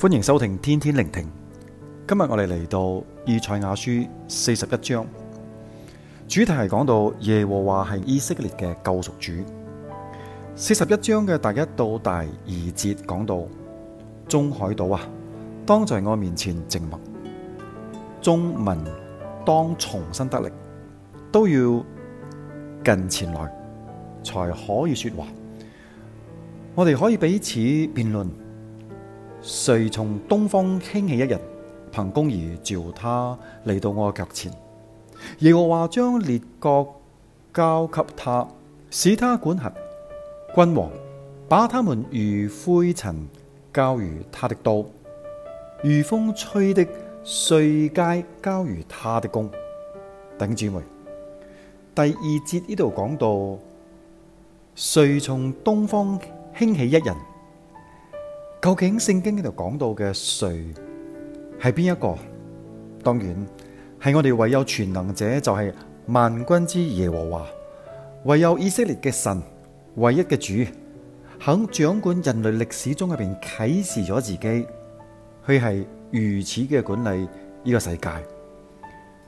歡迎收聽天天靈聽，今日我哋嚟到以賽亞書四十一章，主題係講到耶和華係以色列嘅救贖主。四十一章嘅第一到第二節講到，眾海島啊，當在我面前靜默，眾民當重新得力，都要近前來，才可以說話。我哋可以彼此辯論。誰從東方興起一人，憑公義召他嚟到我腳前。耶和華將列國交給他，使他管轄君王，把他們如灰塵交於他的刀，如風吹的碎稭交於他的弓。弟兄姊妹，第二節呢度講到，誰從東方興起一人？究竟聖經呢度講到嘅誰係邊一個？當然係我哋唯有全能者，就係萬軍之耶和華，唯有以色列嘅神，唯一嘅主，肯掌管人類歷史中入邊啟示咗自己，佢係如此嘅管理呢個世界。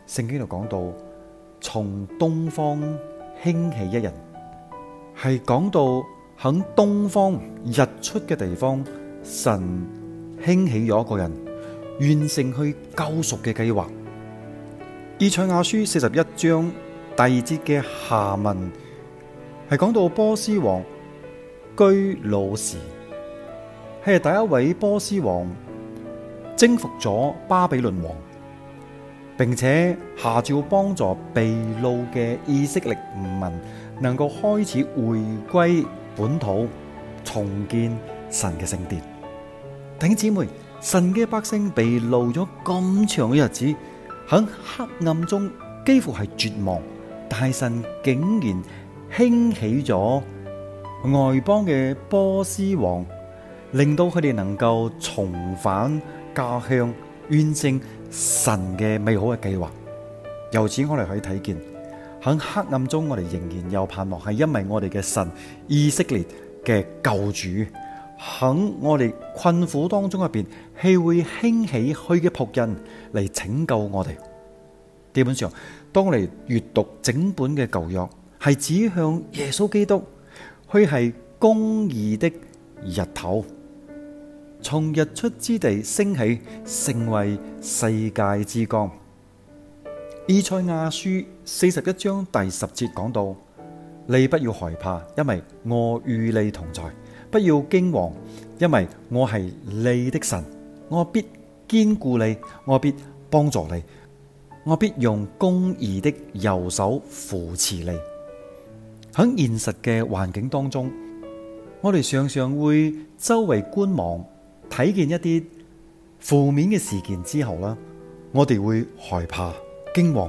聖經度講到從東方興起一人，係講到喺東方日出嘅地方。神興起咗一個人，完成去救贖嘅計劃。以賽亞書四十一章第二節嘅下文係講到波斯王居魯士，係第一位波斯王征服咗巴比倫王，並且下詔幫助被擄嘅以色列民能夠開始回歸本土重建。神嘅聖殿，弟兄姊妹，神嘅百姓被擄咗咁長嘅日子，喺黑暗中幾乎係絕望，但係神竟然興起咗外邦嘅波斯王，令到佢哋能夠重返家鄉，完成神嘅美好嘅計劃。由此我哋可以睇見，喺黑暗中我哋仍然有盼望，係因為我哋嘅神以色列嘅救主。肯我哋困苦當中入邊，係會興起佢嘅僕人嚟拯救我哋。基本上，當你嚟閱讀整本嘅舊約，係指向耶穌基督，佢係公義的日頭，從日出之地升起，成為世界之光。以賽亞書四十一章第十節講到：你不要害怕，因為我與你同在。不要驚惶，因為我係你的神，我必堅固你，我必幫助你，我必用公義的右手扶持你。喺現實嘅環境當中，我哋常常會周圍觀望，睇見一啲負面嘅事件之後啦，我哋會害怕驚惶。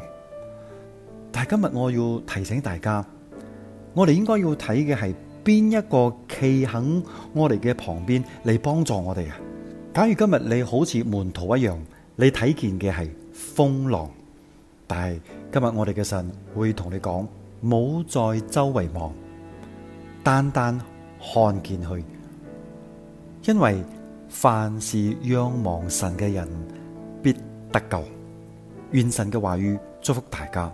但係今日我要提醒大家，我哋應該要睇嘅係，邊一個企喺我哋嘅旁邊嚟幫助我哋啊？假如今日你好似門徒一樣，你睇見嘅係風浪，但係今日我哋嘅神會同你講：冇在周圍望，單單看見佢。因為凡是仰望神嘅人必得救。願神嘅話語祝福大家。